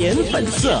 淺粉色。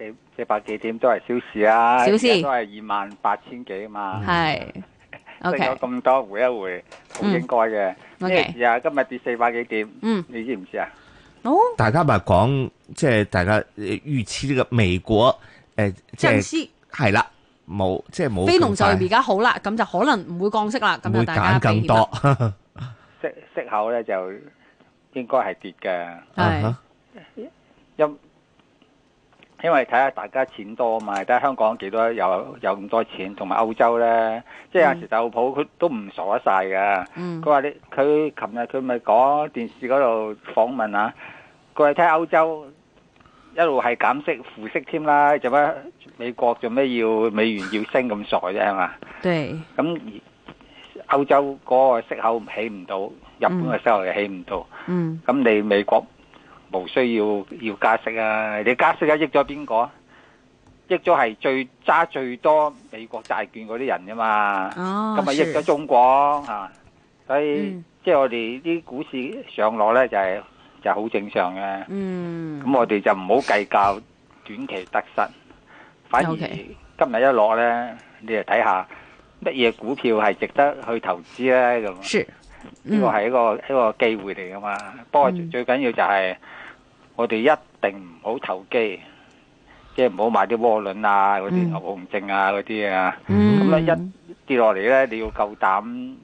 四四百幾點都係小事啊，小事，而家都係二萬八千幾嘛，升咗咁多回一回，好應該嘅。咩事啊？今日跌四百幾點？嗯，你知唔知啊？哦，大家咪講，即係大家預期呢個美國誒，即係係啦，冇即係冇。非農就而家好啦，咁就可能唔會降息啦，咁啊大家。更多，息息口咧就應該係跌嘅。係。因。因為睇下大家錢多嘛，睇下香港幾多有有咁多錢，同埋歐洲咧，即係有時特朗普佢都唔傻得曬噶。嗯。佢話：你佢琴日佢咪講電視嗰度訪問啊？佢話睇歐洲一路係減息負息添啦，做咩美國做咩要美元要升咁傻啫？係嘛？對。咁歐洲嗰個息口起唔到，日本嘅息口又起唔到。嗯。咁你美國？冇需要要加息啊！你加息啊，益咗邊個？益咗係最揸最多美國債券嗰啲人噶嘛？哦，咁啊，益咗中國啊！所以即係我哋啲股市上落咧，就係就係好正常嘅。嗯，咁我哋就唔好計較短期得失，反而今日一落咧，你就睇下乜嘢股票係值得去投資咧？咁是呢個係一個一個機會嚟噶嘛？不過最緊要就係。我哋一定唔好投機，即係唔好買啲渦輪啊、嗰啲牛熊證啊、嗰啲啊。咁咧一跌落嚟咧，你要夠膽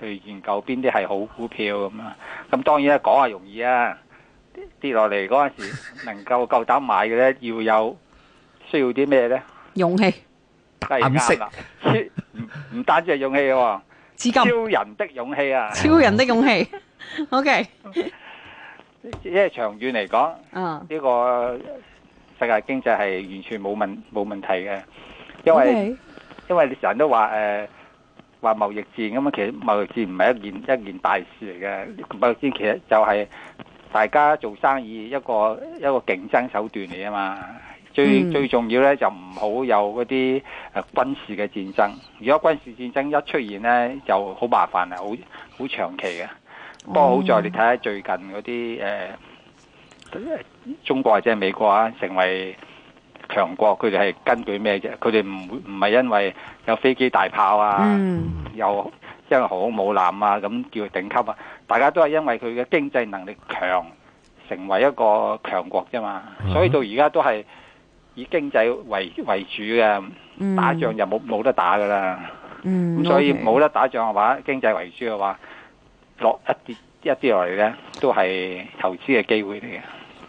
去研究邊啲係好股票咁啊。咁當然咧，講下容易啊，跌落嚟嗰陣時能夠夠膽買嘅咧，要有需要啲咩咧？勇氣、膽識，唔唔單止係勇氣喎，超人的勇氣啊，超人的勇氣。OK。因為長遠嚟講，呢、uh, okay. 個世界經濟係完全冇問冇問題嘅，因為 Okay. 因為你成日都話誒，話、呃、貿易戰咁啊，其實貿易戰唔係一件一件大事嚟嘅，貿易戰其實就係大家做生意一個一個競爭手段嚟啊嘛，最、mm. 最重要咧就唔好有嗰啲誒軍事嘅戰爭，如果軍事戰爭一出現咧就好麻煩啊，好好長期嘅。不過好在你睇下最近嗰啲、mm. 啊、中國或者美國啊，成為強國，佢哋係根據咩啫？佢哋唔唔係因為有飛機大炮啊，又、mm. 因為好空艦航空母艦啊咁叫佢頂級啊，大家都係因為佢嘅經濟能力強，成為一個強國啫嘛。Mm. 所以到而家都係以經濟為，為主嘅，打仗就冇冇得打噶啦。咁、mm. Okay. 嗯、所以冇得打仗嘅話，經濟為主嘅話。落一啲一啲落嚟咧，都係投資嘅機會嚟嘅。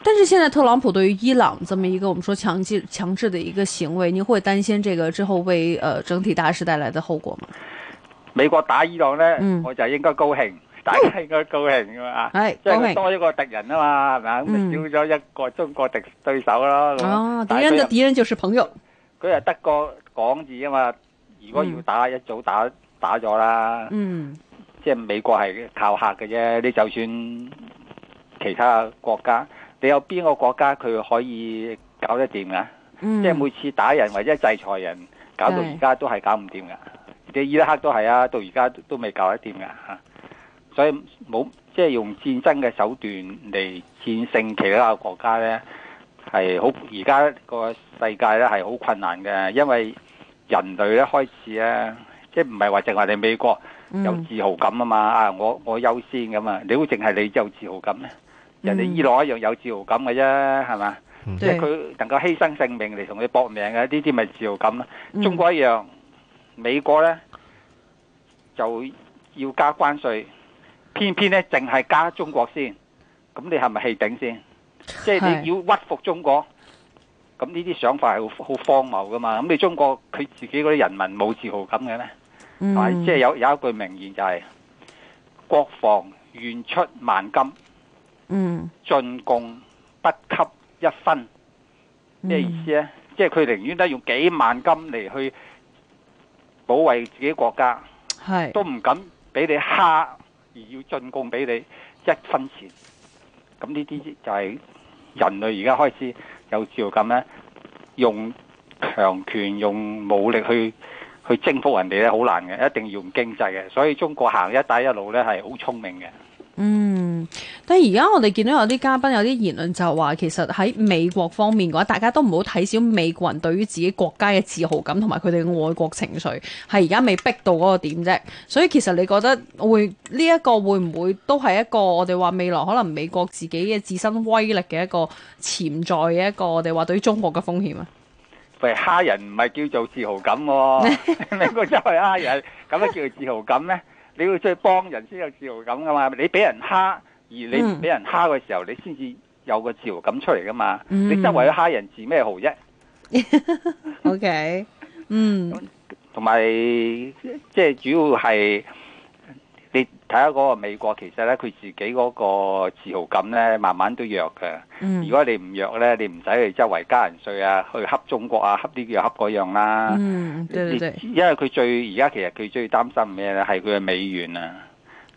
但是現在特朗普對於伊朗這麼一個我們說強制強制的一個行為，你會擔心這個之後為誒整體大事帶來的後果嗎？美國打伊朗咧，我就應該高興，大家應該高興噶嘛。係即係多一個敵人啊嘛，係咪就少咗一個中國敵對手咯。哦，敵人的敵人就是朋友。佢係得個講字啊嘛，如果要打，一早打打咗啦。嗯。即係美國係靠客嘅啫，你就算其他國家，你有邊個國家佢可以搞得掂㗎？嗯、即係每次打人或者制裁人，搞到而家都係搞唔掂㗎。你是的 伊拉克都係啊，到而家都未搞得掂㗎吓。所以冇即係用戰爭嘅手段嚟戰勝其他國家咧，係好，而家個世界咧係好困難嘅，因為人類咧開始咧即係唔係話淨係話你美國。有自豪感啊嘛，啊我我優先噶嘛，你會淨係你有自豪感咩？人哋伊朗一樣有自豪感嘅啫，係嘛？即係佢能夠犧牲性命嚟同你搏命嘅，呢啲咪自豪感咯。中國一樣，美國呢就要加關稅，偏偏呢淨係加中國先，咁你係咪氣頂先？即係你要屈服中國，咁呢啲想法係好好荒謬噶嘛？咁你中國佢自己嗰啲人民冇自豪感嘅咩？係，嗯、即係有有一句名言就係國防願出萬金，嗯，進貢不給一分。咩、嗯、意思咧？即係佢寧願都用幾萬金嚟去保衛自己國家，係是都唔敢俾你蝦，而要進貢俾你一分錢。咁呢啲就係人類而家開始有照咁咧，用強權用武力去。去征服人哋咧，好難嘅，一定要用經濟嘅。所以中國行一帶一路咧，係好聰明嘅。嗯，但係而家我哋見到有啲嘉賓有啲言論就話，其實喺美國方面嘅話，大家都唔好睇小美國人對於自己國家嘅自豪感同埋佢哋嘅愛國情緒，係而家未逼到嗰個點啫。所以其實你覺得會呢、這個、一個會唔會都係一個我哋話未來可能美國自己嘅自身威力嘅一個潛在嘅一個，我哋話對於中國嘅風險啊？被蝦人唔係叫做自豪感喎、哦，你個 周圍蝦人咁樣叫做自豪感咩？你要出去幫人先有自豪感噶嘛？你俾人蝦而你唔俾人蝦嘅時候，嗯、你先至有個自豪感出嚟噶嘛？嗯、你周圍去蝦人，自咩豪啫？OK，嗯，同埋即係主要係。睇下嗰個美國，其實咧佢自己嗰個自豪感咧，慢慢都弱嘅。嗯、如果你唔弱咧，你唔使去周圍加人稅啊，去恰中國啊，恰啲又恰嗰樣啦。嗯對對對，因為佢最而家其實佢最擔心咩咧？係佢嘅美元啊！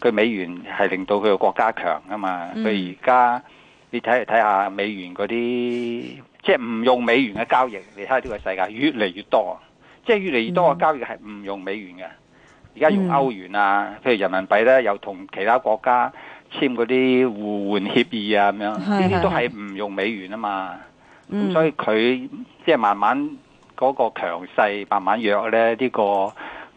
佢美元係令到佢嘅國家強啊嘛。佢而家你睇嚟睇下美元嗰啲，即係唔用美元嘅交易，你睇下呢個世界越嚟越多，即係越嚟越多嘅交易係唔用美元嘅。嗯而家用歐元啊，嗯、譬如人民幣咧，又同其他國家簽嗰啲互換協議啊，咁樣呢啲都係唔用美元啊嘛。咁、嗯、所以佢即係慢慢嗰個強勢慢慢弱咧，呢、呢個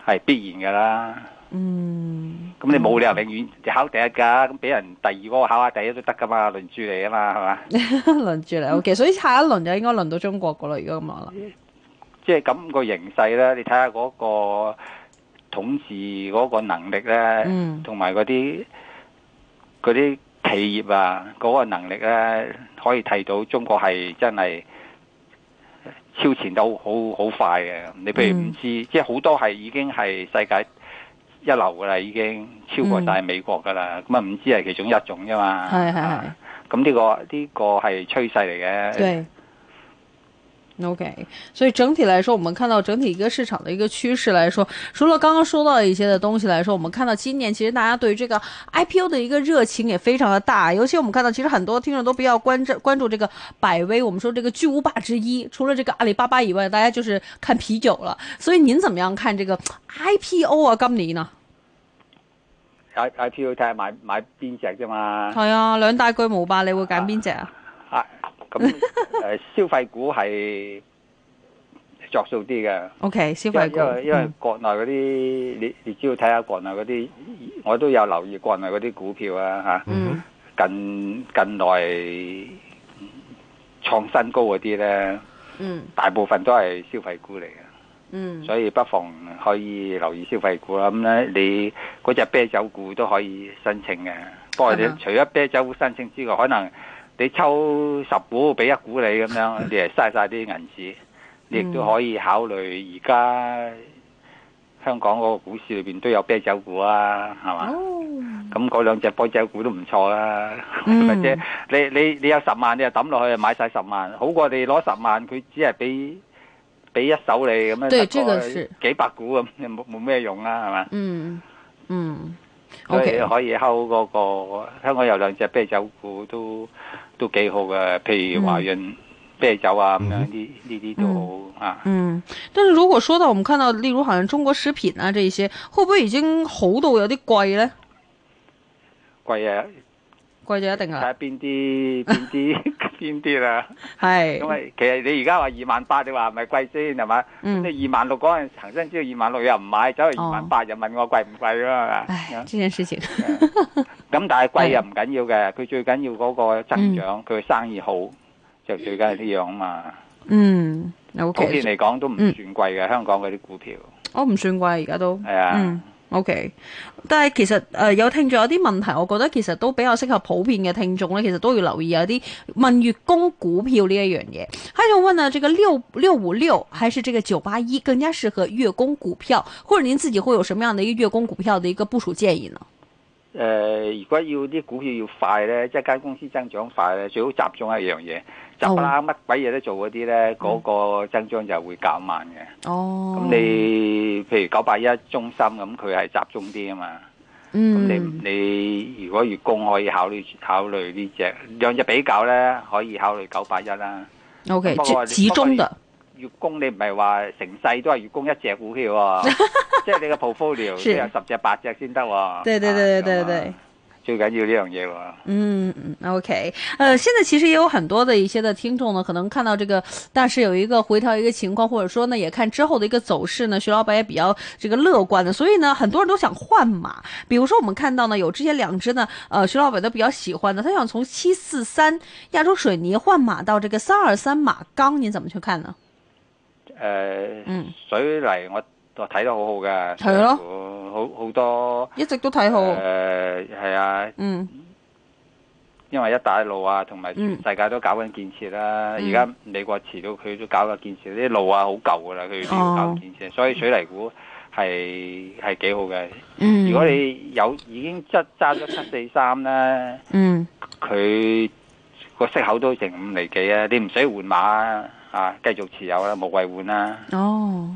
係必然㗎啦。嗯，咁你冇理由永遠考第一㗎，咁俾、嗯、人第二個考下第一都得㗎嘛，輪住嚟啊嘛，係嘛？ 輪住嚟 OK，所以下一輪就應該輪到中國㗎啦。而家咁話啦，即係咁個形勢咧，你睇下嗰個。統治嗰個能力呢，同埋嗰啲啲企業啊，嗰、嗰個能力呢，可以睇到中國係真係超前到好好快嘅。你譬如唔知，嗯、即係好多係已經係世界一流㗎啦，已經超過曬美國㗎啦。咁啊唔知係其中一種啫嘛。係咁呢個呢、呢個係趨勢嚟嘅。對。OK，所以整體來說，我們看到整體一個市場的一個趨勢來說，除了剛剛說到一些的東西來說，我們看到今年其實大家對於這個 IPO 的一個熱情也非常的大，尤其我們看到其實很多聽眾都比較關注關注這個百威，我們說這個巨無霸之一，除了這個阿里巴巴以外，大家就是看啤酒了。所以您怎麼樣看這個 IPO 啊，高明呢？I IPO 睇下買買邊隻啫嘛。係啊、哎，兩大規模吧，你會揀邊隻啊？啊咁誒、 呃、消費股係著數啲嘅。Okay，消費股，因為因為國內嗰啲，你、嗯、你只要睇下國內嗰啲，我都有留意國內嗰啲股票啊嚇。嗯。近近來創新高嗰啲咧，嗯，大部分都係消費股嚟嘅。嗯。所以不妨可以留意消費股啦。咁咧，你嗰隻啤酒股都可以申請嘅。不過你除咗啤酒股申請之外，嗯、可能。你抽十股俾一股你咁樣，你係嘥晒啲銀紙。 嗯、你亦都可以考慮而家香港嗰個股市裏邊都有啤酒股啊，係嘛？咁嗰兩隻啤酒股都唔錯啦，或者、嗯、你你你有十萬，你就抌落去買晒十萬，好過你攞十萬，佢只係俾俾一手你咁樣對，即係幾百股咁，冇咩用啦、啊，係嘛、嗯？嗯嗯。都 Okay, 可以、那個，可以睺嗰個香港有兩隻啤酒股都都幾好嘅，譬如華潤啤酒啊咁樣、嗯，呢呢啲都好、嗯、啊。嗯，但是如果說到，我們看到例如好像中國食品啊，這一些，會不會已經好到有啲貴呢？貴啊！貴咗一定係，睇下邊啲邊啲邊啲啦。係，因為其實你而家話二萬八，你話唔係貴先係嘛？咁你二萬六嗰陣時曾經知道二萬六又唔買，走去二萬八又問我貴唔貴啦。唉，呢件事情。咁但係貴又唔緊要嘅，佢最緊要嗰個增長，佢生意好就最緊係呢樣啊嘛。嗯，OK。普遍嚟講都唔算貴嘅，香港嗰啲股票。我唔算貴，而家都。係啊。O、okay, K，但係其實誒有聽眾有啲問題，我覺得其實都比較適合普遍嘅聽眾咧，其實都要留意有啲問月供股票呢一樣嘢。喺度問呢這個六五六還是這個九八一更加適合月供股票，或者您自己會有什麼樣的一個月供股票的一個部署建議呢？誒、呃，如果要啲股票要快咧，即係間公司增長快咧，最好集中一樣嘢。乜鬼嘢都做嗰啲咧，嗰、那個增長就會減慢嘅。哦、oh.，咁你譬如九百一中心咁，佢係集中啲啊嘛。嗯、mm.，咁你你如果月供可以考慮考慮呢隻，兩隻比較咧可以考慮九百一啦。OK，始終嘅。月供你唔係話成世都係月供一隻股票，啊，即係 你個 portfolio 都是有十隻八隻先得喎。對對對對對對。最緊要呢樣嘢喎。嗯嗯，OK。呃現在其實也有很多的一些的聽眾呢，可能看到這個，但是有一個回調一個情況，或者說呢，也看之後的一個走勢呢，徐老闆也比較這個樂觀的，所以呢，很多人都想換馬。比如說我們看到呢，有之前兩隻呢，呃，徐老闆都比較喜歡的，他想從七四三亞洲水泥換馬到這個三二三馬鋼，你怎麼去看呢？呃，嗯，水泥我。都睇得很好好嘅，係咯的，好好多，一直都睇好。誒、呃，係啊，嗯，因為一帶一路啊，同埋全世界都搞緊建設啦、啊。而家、嗯、美國遲到，佢都搞緊建設，啲路啊好舊噶啦，佢都要搞建設，哦、所以水泥股係係幾好嘅。嗯、如果你有已經執揸咗七四三啦，嗯，佢個息口都成五厘幾啊，你唔使換馬啊，繼、啊、續持有啦、啊，冇謂換啦。哦。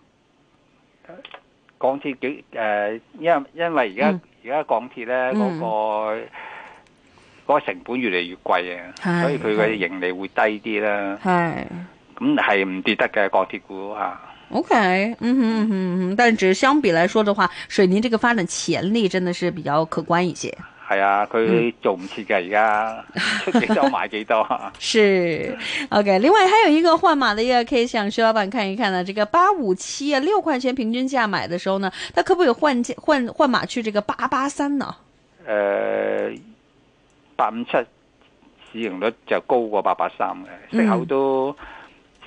港鐵因、呃、因為而家而家港鐵咧、那、嗰、個嗯、個成本越嚟越貴啊，是所以佢嘅盈利會低啲啦。係是，咁係唔跌得嘅港鐵股嚇。OK，嗯哼，嗯哼，但係只相比來說的話，水泥這個發展潛力真的是比較可觀一些。係啊，佢做唔切噶而家，出幾多買幾多。是，OK。另外，還有一個換碼的一個 case 想徐老闆看一看呢、啊、這個八五七啊，六塊錢平均價買的時候呢，他可不可以換換換碼去這個八八三呢？誒，八五七市盈率就高過八八三嘅，息口都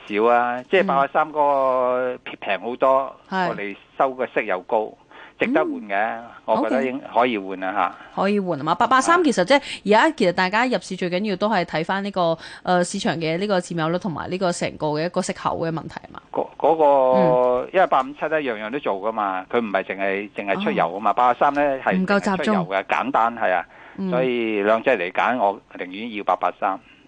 少啊。即係八八三嗰個平好多，嗯、我哋收嘅息又高。值得換嘅，嗯 okay、我覺得應可以換啦嚇。可以換啊嘛，八八三其實即係而家，其實大家入市最緊要都係睇翻呢個誒、呃、市場嘅呢個佔有率同埋呢個成個嘅一個息口嘅問題啊嘛。嗰嗰個因為八五七咧樣樣都做噶嘛，佢唔係淨係淨係出油啊嘛，八八三咧係唔夠集中油嘅簡單係啊，所以兩隻嚟揀，我寧願要八八三。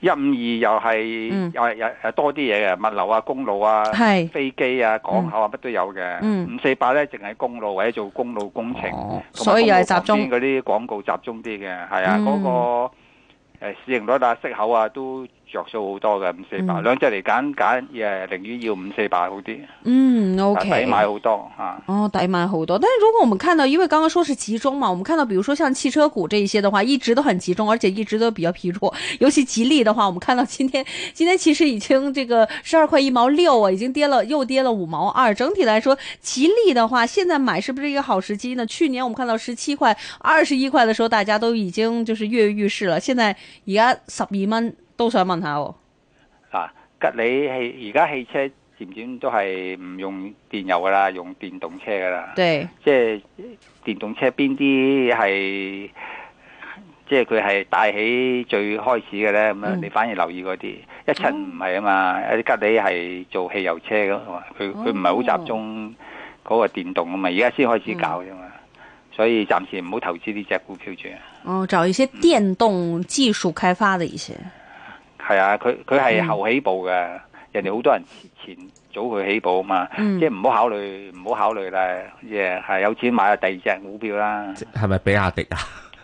一五二又係又係有誒多啲嘢嘅，嗯、物流啊、公路啊、是飛機啊、港口啊乜、嗯、都有嘅。五四八咧淨係公路或者做公路工程，所以又係集中嗰啲廣告集中啲嘅，係啊嗰、嗯、個誒市盈率啊息口啊都。著數好多嘅五四百，兩隻嚟揀揀，也寧願要五四百好啲。嗯，O K，抵買好多啊！哦，抵買好多。但係如果我們看到，因為剛剛說是集中嘛，我們看到，比如說像汽車股這一些的話，一直都很集中，而且一直都比較疲弱。尤其吉利的話，我們看到今天，今天其實已經這個十二塊一毛六啊，已經跌了，又跌了五毛二。整體來說，吉利的話，現在買是不是一個好時機呢？去年我們看到十七塊、二十一塊的時候，大家都已經就是躍躍欲試了。現在而家十二蚊。都想問下喎，吉利汽，而家汽車漸漸都係唔用電油㗎喇，用電動車㗎喇，對即係電動車邊啲係，即係佢係帶起最開始嘅咧咁樣，你、嗯嗯、反而留意嗰啲一層唔係啊嘛？啊、嗯，吉利係做汽油車㗎嘛，佢佢唔係好集中嗰個電動啊嘛，而家先開始搞啫嘛，嗯、所以暫時唔好投資呢隻股票住啊。哦、嗯，找一些電動技術開發的一些。係啊，佢佢係後起步嘅。嗯、人哋好多人前早佢起步啊嘛，嗯、即係唔好考慮，唔好考慮啦，嘢、yeah, 係有錢買下第二隻股票啦。係咪比亞迪啊？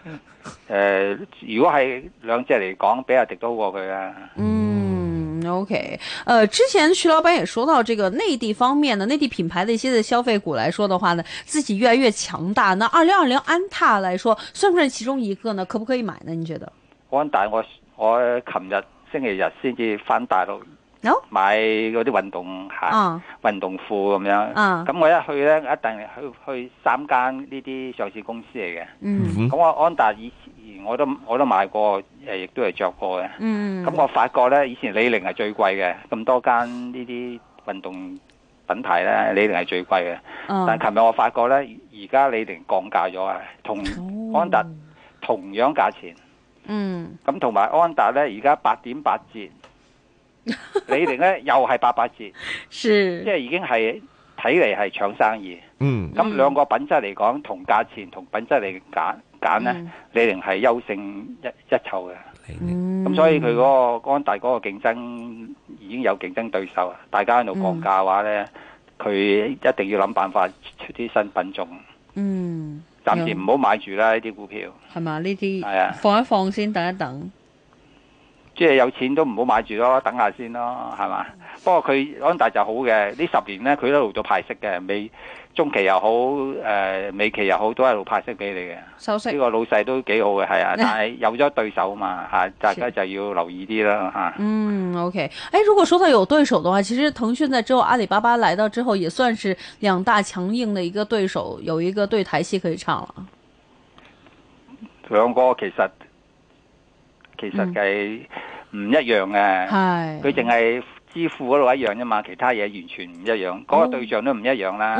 誒、呃，如果係兩隻嚟講，比亞迪都好過佢啊。嗯，OK，誒、呃，之前徐老闆也說到這個內地方面呢，內地品牌的一些消費股來說的話呢，自己越來越強大。那二零二零安踏來說，算唔算其中一個呢？可不可以買呢？你覺得？安踏我我琴日。星期日先至返大陸，買嗰啲運動鞋、No? 運動褲咁樣。咁、uh, uh, 我一去呢，一定去去，去三間呢啲上市公司嚟嘅。咁、mm hmm. 我安踏以前我都我都買過，亦都係着過嘅。咁、mm hmm. 我發覺呢，以前李寧係最貴嘅，咁多間呢啲運動品牌呢，mm hmm. 李寧係最貴嘅。Uh. 但係琴日我發覺呢，而家李寧降價咗啊，同安踏同樣價錢。嗯，咁同埋安達呢，而家八點八折，李寧呢，又係八八折， 是即係已經係睇嚟，係搶生意。嗯，咁兩個品質嚟講，同價錢同品質嚟揀揀呢，李寧係優勝一一籌嘅。咁、嗯、所以佢嗰個安達嗰個競爭已經有競爭對手，大家喺度降價嘅話呢，佢、嗯、一定要諗辦法出啲新品種。嗯。暫時唔好買住啦，呢啲股票係嘛？呢啲放一放先，等一等。即係有錢都唔好買住咯，等下先咯是，係嘛、mm？Hmm. 不過佢安大就好嘅，呢十年呢，佢一路做派息嘅，美中期又好、呃，誒美期又好，都係度派息俾你嘅。息呢個老細都幾好嘅，係啊，但係有咗對手嘛吓， 大家就要留意啲啦吓。嗯、hmm.，OK，誒、哎，如果說到有對手嘅話，其實騰訊在之後阿里巴巴嚟到之後，也算是兩大強硬嘅一個對手，有一個對台戲可以唱啦。兩個其實。其實係唔一樣嘅，佢淨係支付嗰度一樣啫嘛，其他嘢完全唔一樣，嗰個對象都唔一樣啦，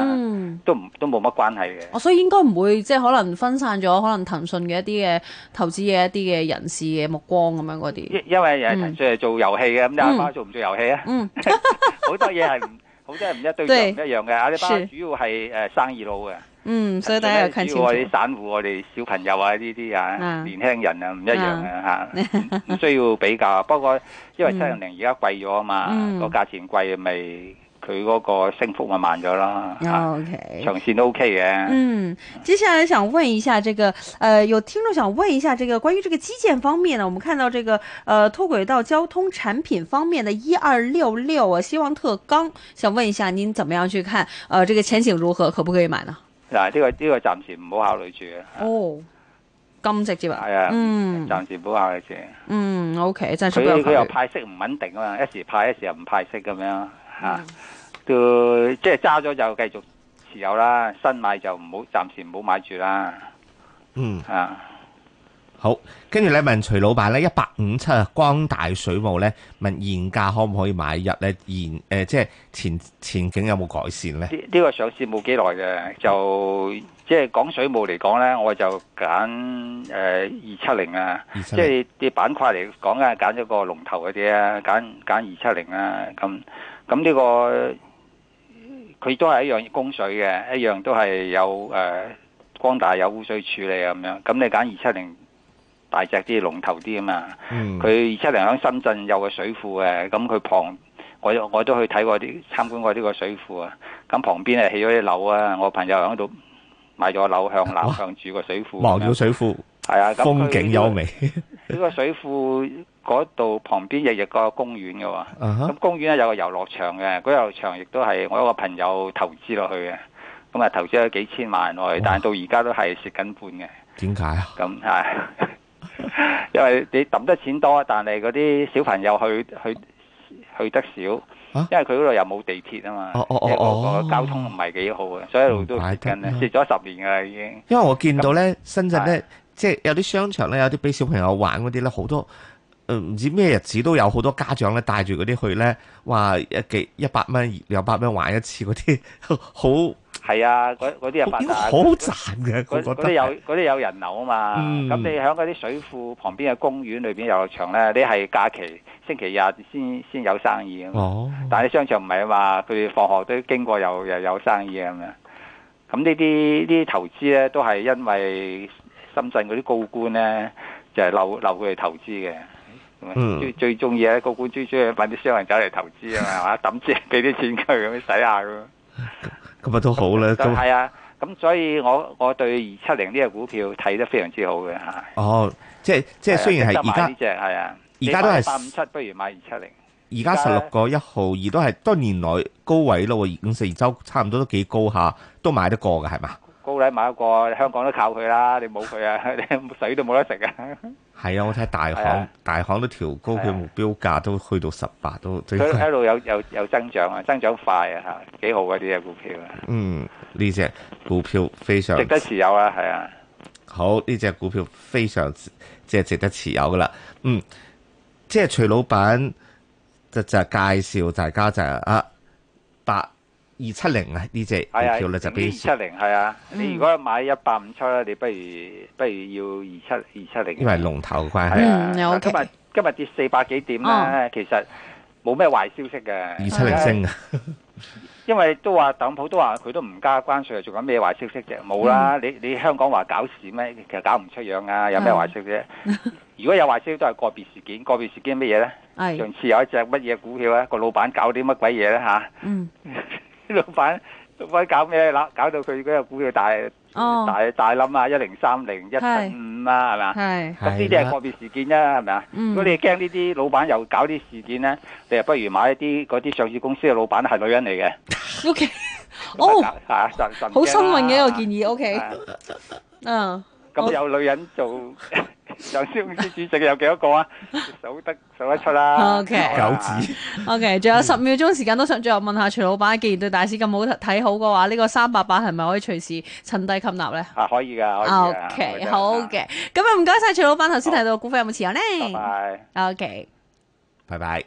都唔都冇乜關係嘅。哦，所以應該唔會，即係可能分散咗可能騰訊嘅一啲嘅投資嘅一啲嘅人士嘅目光咁樣嗰啲。因因為誒騰訊係做遊戲嘅，咁你阿爸做唔做遊戲啊？好多嘢係。好多人唔一對，唔一樣嘅啊！呢班主要係誒生意佬嘅，是嗯，所以大家又近似啲。我哋散戶我哋小朋友啊，呢啲啊，啊年輕人啊，唔一樣嘅、啊、嚇，唔、啊啊、需要比較。 不過因為七零零而家貴咗啊嘛，個、嗯、價錢貴咪、就是。佢嗰個升幅咪慢咗啦，長線都 OK 嘅。嗯，接下來想問一下，這個，呃，有聽眾想問一下，這個關於這個基建方面呢？我們看到這個，呃，脫軌道交通產品方面的一二六六啊，西王特鋼，想問一下您怎麼樣去看？呃，這個前景如何？可不可以買呢？嗱、這個，呢、這個呢個暫時唔好考慮住嘅。啊、哦，咁直接把，係啊、哎呀，嗯，暫時唔好考慮住。嗯，OK，所以佢佢又派息唔穩定啊嘛，一時派，一時又唔派息咁樣。啊，都即係揸咗就繼續持有啦，新買就唔好暫時唔好買住啦。嗯啊，好，跟住你問徐老闆咧，一百五七光大水務咧，問現價可唔可以買入咧？現誒、呃，即係前前景有冇改善咧？呢呢個上市冇幾耐嘅，就即係講水務嚟講咧，我就揀誒二七零啊，270 即係啲板塊嚟講咧，揀咗個龍頭嗰啲啊，揀揀二七零啊咁。咁呢、這個佢都係一樣供水嘅，一樣都係有誒、呃、光大有污水處理啊咁樣。咁你揀二七零大隻啲龍頭啲啊嘛。佢二七零喺深圳有個水庫嘅，咁佢旁我我都去睇過啲參觀過呢個水庫啊。咁旁邊係起咗啲樓啊，我朋友喺度買咗樓向南向住個水庫、啊。水庫。係啊，咁風景優美。呢個水庫嗰度旁邊日日個公園嘅，咁公園咧有個遊樂場嘅，嗰遊樂場亦都係我一個朋友投資落去嘅，咁啊投資咗幾千萬落去，但係到而家都係蝕緊半嘅。點解啊？咁係，因為你抌得錢多，但係嗰啲小朋友去去去得少，因為佢嗰度又冇地鐵啊嘛，哦哦哦交通唔係幾好啊，所以一路都蝕緊啊，蝕咗十年噶啦已經。因為我見到呢深圳咧。即係有啲商場咧，有啲俾小朋友玩嗰啲咧，好多誒唔知咩日子都有好多家長咧帶住嗰啲去咧，話一幾一百蚊、兩百蚊玩一次嗰啲，好係啊！嗰啲又百好賺嘅，嗰啲有嗰啲有人流啊嘛。咁、嗯、你喺嗰啲水庫旁邊嘅公園裏邊遊樂場咧，你係假期、星期日先先有生意啊。哦、但係商場唔係話佢放學都經過又又有生意啊咁啊。咁呢啲啲投資咧都係因為。深圳嗰啲高官咧，就係留留佢嚟投資嘅，最最中意啊！高官最中意揾啲商人走嚟投資啊嘛，抌錢俾啲錢佢咁樣使下咁。咁啊都好啦，係啊，咁所以我我對二七零呢隻股票睇得非常之好嘅。哦，即係即係雖然係而家，而家都係八五七，不如買二七零。而家十六個一毫，而都係多年來高位咯喎，五十二周差唔多都幾高下，都買得過㗎係嘛？高底買一個，香港都靠佢啦。你冇佢啊，你水都冇得食啊！係啊，我睇大行的大行都調高佢目標價，都去到十八的都。佢喺度有有有增長啊，增長快啊嚇，幾好啊！呢隻股票啊，嗯，呢隻股票非常值得持有啊，係啊，好呢隻股票非常即係值得持有㗎喇，嗯，即係徐老闆就就介紹大家就啊八。二七零啊，呢隻股票咧就比二七零係啊。你如果買一百五七咧，你不如不如要二七二七零。因為龍頭關係，今日今日跌四百幾點咧，其實冇咩壞消息嘅。二七零升啊，因為都話特朗普都話佢都唔加關稅，做緊咩壞消息啫？冇啦，你你香港話搞事咩？其實搞唔出樣啊，有咩壞消息？如果有壞消息都係個別事件，個別事件乜嘢咧？上次有一隻乜嘢股票啊？個老闆搞啲乜鬼嘢咧？吓，嗯。啲老闆，老闆搞咩啦？搞到佢嗰個股票大，大大冧啊，一零三零、一七五啊，係咪？係，咁呢啲係個別事件啫，係咪啊？如果你驚呢啲老闆又搞啲事件咧，你又不如買一啲嗰啲上市公司嘅老闆係女人嚟嘅。O K，哦，吓，神神好新穎嘅一個建議。O K，嗯，咁有女人做，上市公司主席有幾多個啊？數得數 得，得出啦。OK，九子，嗯。OK，仲有十秒鐘時間，都想最後問下徐老闆，既然對大市咁好睇好嘅話，呢、呢個三百八係咪可以隨時趁低吸納咧？啊，可以噶，可以噶，OK，好嘅。咁啊，唔該晒徐老闆，頭先提到股份有冇持有呢。拜拜。Bye bye. OK，拜拜。